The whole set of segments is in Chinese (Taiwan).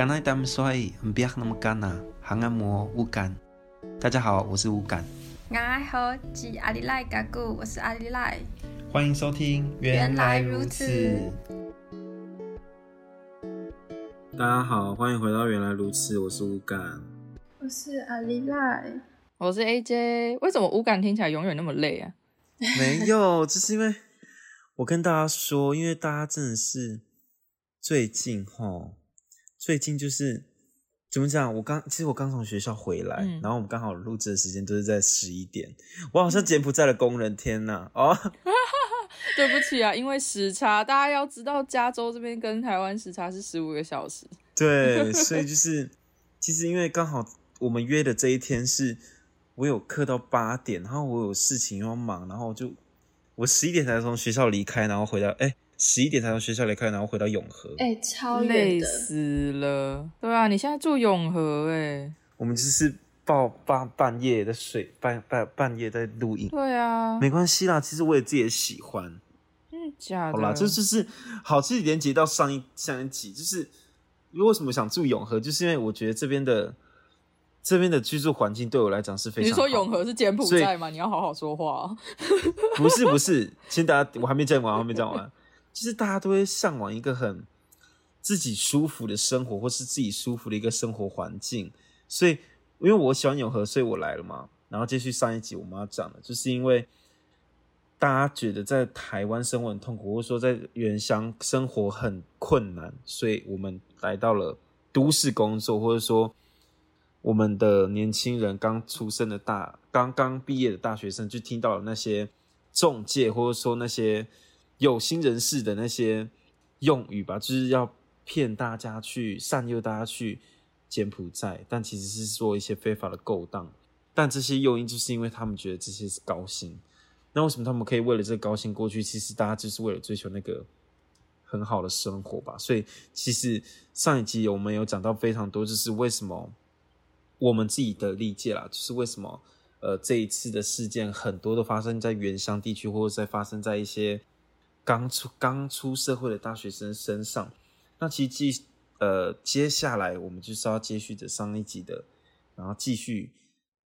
無感。大家好，我是無感。我我是阿里賴，歡迎收聽《原來如此》。大家好，歡迎回到《原來如此》，我是無感，我是阿里賴，我是 AJ。為什麼無感聽起來永遠那麼累啊？ 沒有，這是因為我跟大家說，因為大家真的是最近哈。最近就是怎麼講？我剛其實我剛從學校回來，嗯、然後我們剛好錄制的時間都是在十一點。我好像柬埔寨的工人，天吶、啊！哦， 對不起啊，因為時差，大家要知道加州這邊跟台灣時差是十五個小時。對，所以就是 其實因為剛好我們約的這一天是我有課到八點，然後我有事情要忙，然後就我十一點才從學校離開，然後回到，誒十一點才到學校離開，然後回到永和，哎、欸，超累死了。對啊，你現在住永和？欸，哎，我們只是抱半半夜的睡，半半半夜在錄音。對啊，沒關係啦，其實我也自己也喜歡。真、嗯、的假的？好啦，就、就是好，是連接到上一上一集，就是如果什麼想住永和，就是因為我覺得這邊的這邊的居住環境對我來講是非常好。你說永和是柬埔寨嗎？你要好好說話、啊。 不是不是，先大家，我還沒講完，還沒講完。其實大家都會嚮往一個很自己舒服的生活，或是自己舒服的一個生活環境。所以，因為我喜歡永和，所以我來了嘛。然後，繼續上一集我們要講的，就是因為大家覺得在台灣生活很痛苦，或者說在原鄉生活很困難，所以我們來到了都市工作，或者說我們的年輕人剛出生的大剛剛畢業的大學生，就聽到了那些中介，或者說那些。有心人士的那些用語吧，就是要騙大家去、善誘大家去柬埔寨，但其實是做一些非法的勾當。但這些誘因就是因為他們覺得這些是高薪，那為什麼他們可以為了這個高薪過去？其實大家就是為了追求那個很好的生活吧。所以其實上一集我們有講到非常多，就是為什麼我們自己的理解啦，就是為什麼呃這一次的事件很多都發生在原鄉地區，或者是發生在一些。剛出剛出社會的大學生身上，那其實呃接下來我們就是要接續着上一集的，然後繼續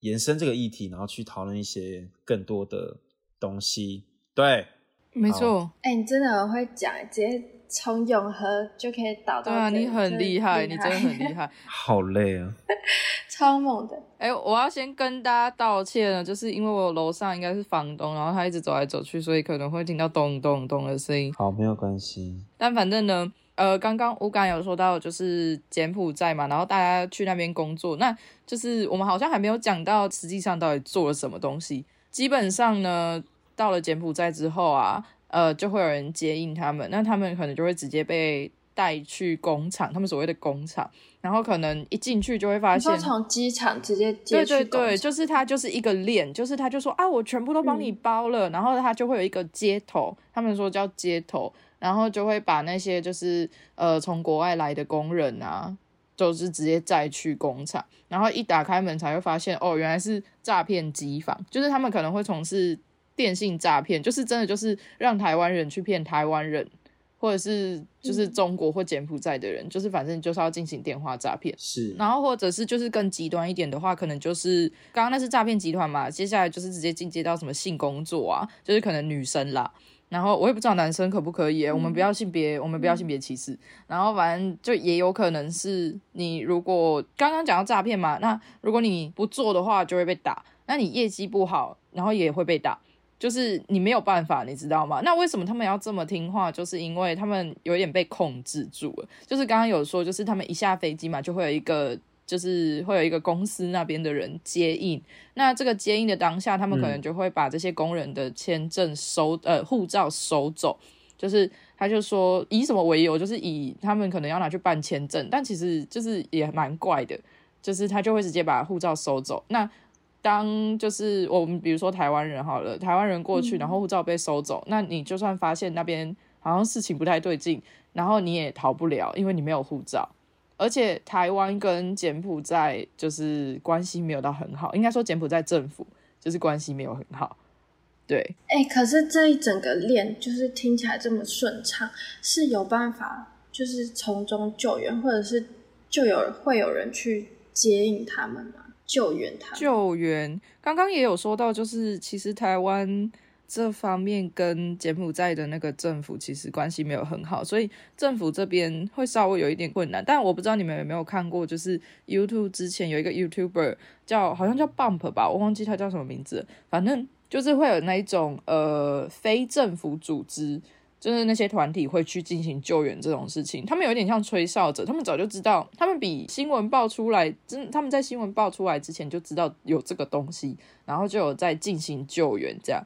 延伸這個議題，然後去討論一些更多的東西。對，沒錯。哎、欸，你真的很會講，直接從永和就可以導到以、啊、你很厲害，厲害，你真的很厲害， 好累啊。 超猛的！哎、欸，我要先跟大家道歉呢，就是因為我樓上應該是房東，然後他一直走來走去，所以可能會聽到咚咚咚的聲音。好，沒有關係。但反正呢，呃，剛剛我剛剛有說到，就是柬埔寨嘛，然後大家去那邊工作，那就是我們好像還沒有講到，實際上到底做了什麼東西。基本上呢，到了柬埔寨之後啊，呃，就會有人接應他們，那他們可能就會直接被。帶去工廠，他們所謂的工廠，然後可能一進去就會發現，從機場直接接去工廠，對對對，就是他就是一個鏈，就是他就說啊，我全部都幫你包了，嗯、然後他就會有一個接頭，他們說叫接頭，然後就會把那些就是呃從國外來的工人啊，就是直接載去工廠，然後一打開門才會發現哦，原來是詐騙機房，就是他們可能會從事電信詐騙，就是真的就是讓台灣人去騙台灣人。或者是就是中國或柬埔寨的人，嗯、就是反正就是要進行電話詐騙，是。然後或者是就是更極端一點的話，可能就是剛剛那是詐騙集團嘛，接下來就是直接進階到什麼性工作啊，就是可能女生啦。然後我也不知道男生可不可以、欸嗯，我們不要性別，我們不要性別歧視、嗯。然後反正就也有可能是你如果剛剛講到詐騙嘛，那如果你不做的話就會被打，那你業績不好，然後也會被打。就是你沒有辦法，你知道嗎？那為什麼他們要這麼聽話？就是因為他們有點被控制住了。就是剛剛有說，就是他們一下飛機嘛，就會有一個，就是會有一個公司那邊的人接應。那這個接應的當下，他們可能就會把這些工人的簽證收，嗯、呃，護照收走。就是他就說以什麼為由？就是以他們可能要拿去辦簽證，但其實就是也蠻怪的，就是他就會直接把護照收走。那當就是我們比如說台灣人好了，台灣人過去，然後護照被收走，嗯，那你就算發現那邊好像事情不太對勁，然後你也逃不了，因為你沒有護照。而且台灣跟柬埔寨就是關係沒有到很好，應該說柬埔寨政府就是關係沒有很好。對，哎，欸，可是這一整個鏈就是聽起來這麼順暢，是有辦法就是從中救援，或者是就有會有人去接應他們嗎？救援他，救援。剛剛也有說到，就是其實台灣這方面跟柬埔寨的那個政府其實關係沒有很好，所以政府這邊會稍微有一點困難。但我不知道你們有沒有看過，就是 YouTube 之前有一個 YouTuber 叫好像叫 Bump 吧，我忘記他叫什麼名字了，反正就是會有那一種呃非政府組織。就是那些團體會去進行救援這種事情，他們有點像吹哨者，他們早就知道，他們比新聞報出來，真他們在新聞報出來之前就知道有這個東西，然後就有在進行救援這樣。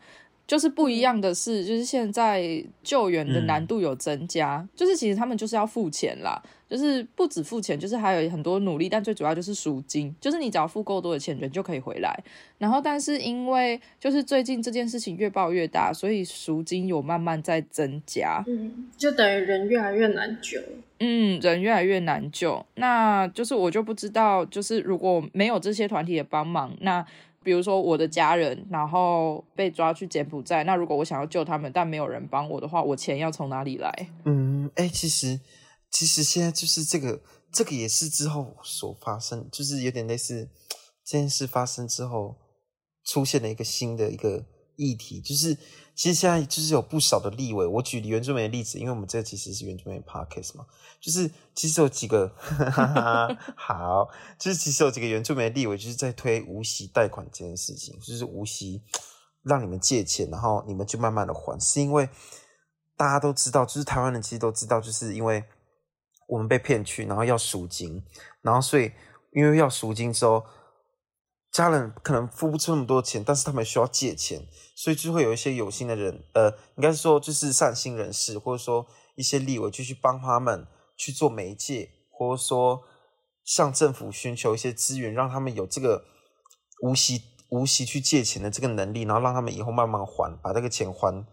就是不一樣的是，就是現在救援的難度有增加。嗯，就是其實他們就是要付錢啦，就是不止付錢，就是還有很多努力。但最主要就是贖金，就是你只要付夠多的錢，人就可以回來。然後，但是因為就是最近這件事情越爆越大，所以贖金有慢慢在增加。嗯，就等於人越來越難救。嗯，人越來越難救。那就是我就不知道，就是如果沒有這些團體的幫忙，那。比如說我的家人，然後被抓去柬埔寨。那如果我想要救他們，但沒有人幫我的話，我錢要從哪裡來？嗯，哎、欸，其實，其實現在就是這個，這個也是之後所發生，就是有點類似這件事發生之後出現了一個新的一個。議題就是，其實現在就是有不少的立委，我舉原住民的例子，因為我們這其實是原住民 Podcast 嘛，就是其實有幾個， 好，就是其實有幾個原住民的立委就是在推無息貸款這件事情，就是無息讓你們借錢，然後你們就慢慢的還，是因為大家都知道，就是台灣人其實都知道，就是因為我們被騙去，然後要贖金，然後所以因為要贖金之後。家人可能付不出那麼多錢，但是他們需要借錢，所以就會有一些有心的人，呃，應該是說就是善心人士，或者說一些立委，就去幫他們去做媒介，或者說向政府尋求一些資源，讓他們有這個無息無息去借錢的這個能力，然後讓他們以後慢慢還，把這個錢還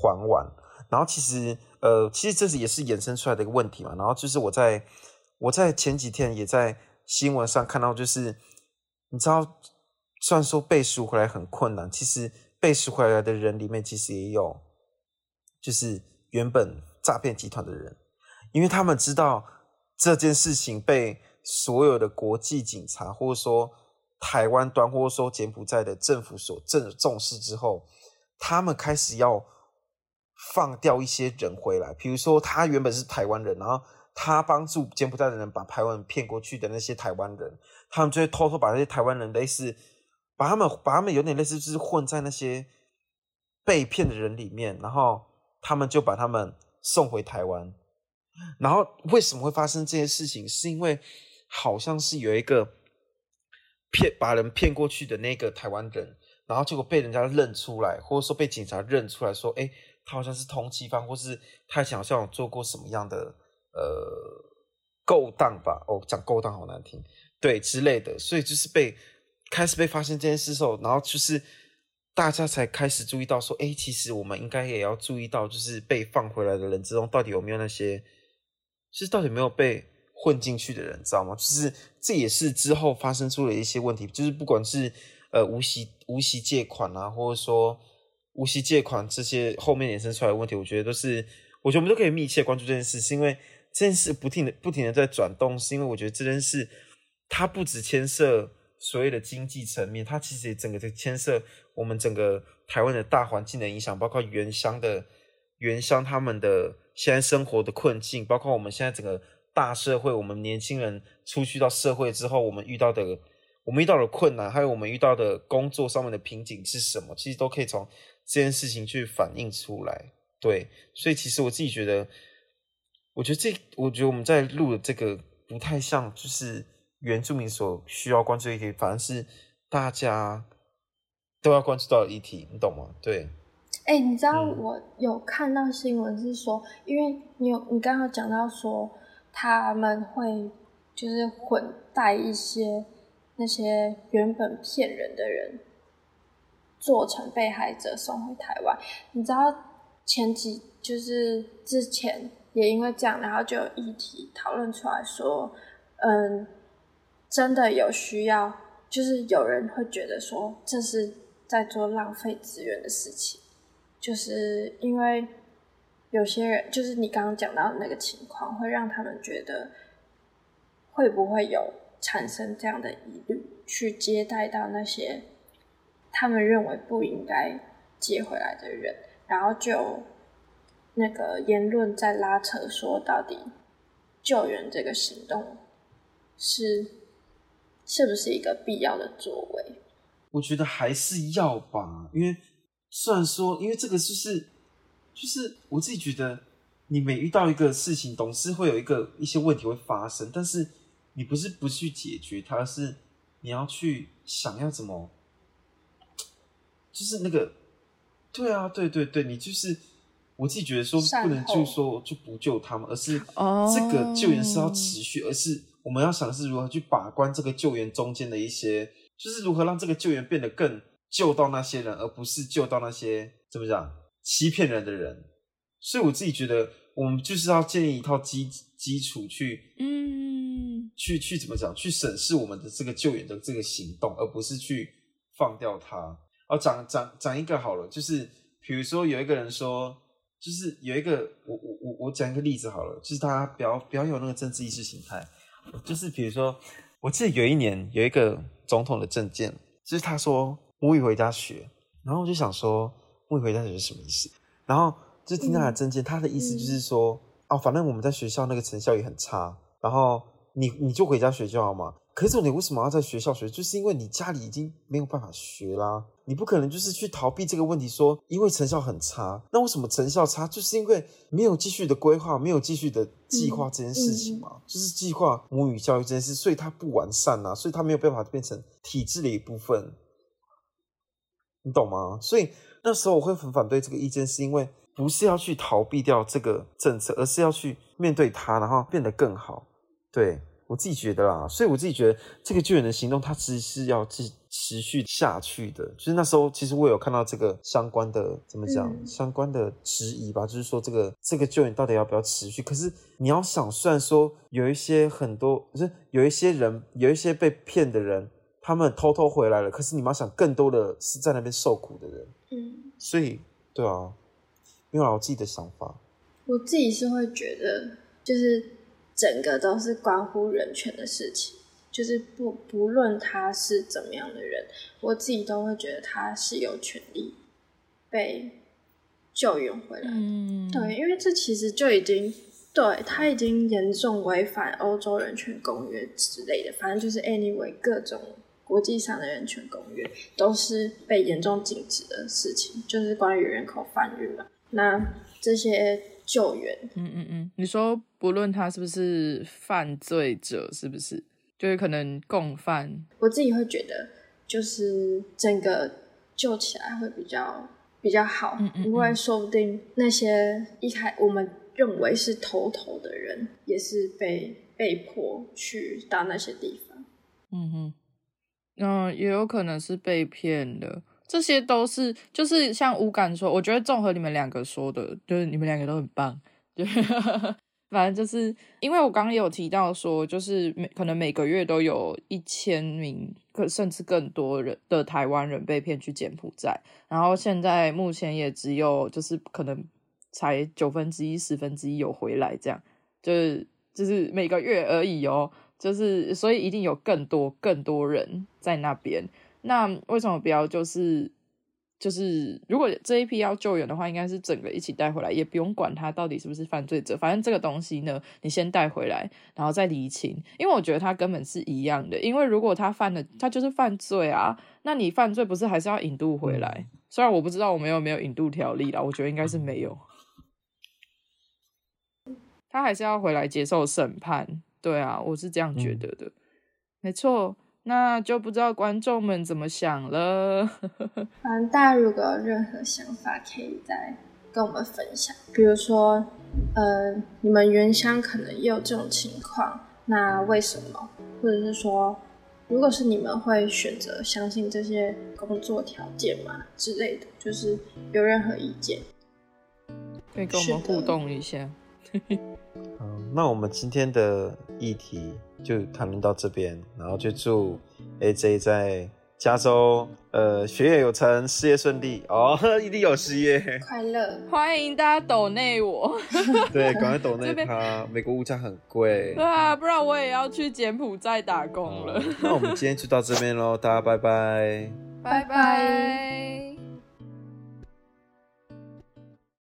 還完。然後其實，呃，其實這也是衍生出來的一個問題嘛。然後就是我在我在前幾天也在新聞上看到，就是。你知道，雖然說被贖回來很困難，其實被贖回來的人裡面其實也有，就是原本詐騙集團的人，因為他們知道這件事情被所有的國際警察，或者說台灣端，或者說柬埔寨的政府所正重視之後，他們開始要放掉一些人回來，比如說他原本是台灣人，然後。他幫助柬埔寨的人把台灣人騙過去的那些台灣人，他們就會偷偷把那些台灣人類似，把他們把他們有點類似，就是混在那些被騙的人裡面，然後他們就把他們送回台灣。然後為什麼會發生這些事情？是因為好像是有一個騙把人騙過去的那個台灣人，然後結果被人家認出來，或者說被警察認出來說，哎、欸，他好像是通緝犯，或是他想像我做過什麼樣的。呃，勾當吧，哦，講勾當好難聽，對之類的，所以就是被開始被發現這件事後，然後就是大家才開始注意到說，誒，其實我們應該也要注意到，就是被放回來的人之中到底有沒有那些，就是到底沒有被混進去的人，知道嗎？就是這也是之後發生出了一些問題，就是不管是呃無息無息借款啊，或者說無息借款這些後面衍生出來的問題，我覺得都是我覺得我們都可以密切關注這件事，是因為。這件事不停的不停的在轉動，是因為我覺得這件事它不只牽涉所謂的經濟層面，它其實也整個在牽涉我們整個台灣的大環境的影響，包括原鄉的原鄉他們的現在生活的困境，包括我們現在整個大社會，我們年輕人出去到社會之後，我們遇到的我們遇到的困難，還有我們遇到的工作上面的瓶頸是什麼，其實都可以從這件事情去反映出來。對，所以其實我自己覺得。我覺得這，我覺得我們在錄的這個不太像，就是原住民所需要關注的議題，反正是大家都要關注到的議題，你懂嗎？對。哎、欸，你知道、嗯、我有看到新聞是說，因為你有你剛剛講到說他們會就是混帶一些那些原本騙人的人，做成被害者送回台灣。你知道前幾就是之前。也因為這樣，然後就有議題討論出來，說，嗯，真的有需要，就是有人會覺得說，這是在做浪費資源的事情，就是因為有些人，就是你剛剛講到那個情況，會讓他們覺得會不會有產生這樣的疑慮，去接待到那些他們認為不應該接回來的人，然後就。那個言論在拉扯，說到底，救援這個行動是是不是一個必要的作為？我覺得還是要吧，因為雖然說，因為這個就是就是我自己覺得，你每遇到一個事情，總是會有一個一些問題會發生，但是你不是不去解決它，是你要去想要怎麼，就是那個，對啊，對對對，你就是。我自己覺得說不能就說就不救他們，而是這個救援是要持續，哦、而是我們要想的是如何去把關這個救援中間的一些，就是如何讓這個救援變得更救到那些人，而不是救到那些怎麼講欺騙人的人。所以我自己覺得，我們就是要建立一套基基礎去，嗯，去去怎麼講，去審視我們的這個救援的這個行動，而不是去放掉它。哦，講講講一個好了，就是比如說有一個人說。就是有一個，我我我我講一個例子好了，就是他不要不要有那個政治意識形態，就是比如說，我記得有一年有一個總統的政見，就是他說“母語回家學”，然後我就想說“母語回家學”是什麼意思，然後就聽他的政見，嗯、他的意思就是說、嗯、哦，反正我們在學校那個成效也很差，然後你你就回家學就好嘛。可是你為什麼要在學校學？就是因為你家裡已經沒有辦法學啦啊，你不可能就是去逃避這個問題說，說因為成效很差，那為什麼成效差？就是因為沒有繼續的規劃，沒有繼續的計劃這件事情嘛啊，嗯嗯。就是計劃母語教育這件事，所以它不完善吶啊，所以它沒有辦法變成體制的一部分，你懂嗎？所以那時候我會很反對這個意見，是因為不是要去逃避掉這個政策，而是要去面對它，然後變得更好。對。我自己覺得啦，所以我自己覺得這個救援的行動，它其實是要持持續下去的。就是那時候，其實我有看到這個相關的怎麼講、嗯，相關的質疑吧，就是說這個這個救援到底要不要持續？可是你要想算說，有一些很多，就是有一些人，有一些被騙的人，他們偷偷回來了。可是你要想，更多的是在那邊受苦的人。嗯，所以對啊，因為我自己的想法，我自己是會覺得就是。整個都是關乎人權的事情，就是不不論他是怎麼樣的人，我自己都會覺得他是有權利被救援回來的。嗯、對，因為這其實就已經，對，他已經嚴重違反歐洲人權公約之類的，反正就是 anyway 各種國際上的人權公約都是被嚴重禁止的事情，就是關於人口販運了。那這些。救援，嗯嗯嗯，你說不論他是不是犯罪者，是不是就是可能共犯？我自己會覺得，就是整個救起來會比較比較好，嗯，嗯嗯，因為說不定那些一開我們認為是頭頭的人，也是被被迫去到那些地方，嗯哼，嗯、呃，也有可能是被騙的。這些都是就是像 Ukan 說，我覺得綜合你們兩個說的，就是你們兩個都很棒。就 反正就是因為我剛剛也有提到說，就是每可能每個月都有一千名可甚至更多人的台灣人被騙去柬埔寨，然後現在目前也只有就是可能才九分之一、十分之一有回來，這樣就是就是每個月而已哦。就是所以一定有更多更多人在那邊。那為什麼不要就是就是？如果這一批要救援的話，應該是整個一起帶回來，也不用管他到底是不是犯罪者。反正這個東西呢，你先帶回來，然後再釐清。因為我覺得他根本是一樣的。因為如果他犯了，他就是犯罪啊。那你犯罪不是還是要引渡回來？雖然我不知道我們有沒有引渡條例啦，我覺得應該是沒有。他還是要回來接受審判。對啊，我是這樣覺得的。嗯、沒錯。那就不知道觀眾們怎麼想了。嗯，大家如果有任何想法，可以再跟我們分享。比如說，嗯、呃，你們原鄉可能也有這種情況，那為什麼？或者是說，如果是你們會選擇相信這些工作條件嘛之類的，就是有任何意見，可以跟我們互動一下。 好，那我們今天的議題就談論到這邊，然後就祝 AJ 在加州呃學業有成，事業順利哦，一定有事業快樂，歡迎大家抖內我， 對，趕快抖內他， 美國物價很貴，對啊，不然我也要去柬埔寨打工了。嗯，那我們今天就到這邊嘍，大家拜拜，拜拜。Bye bye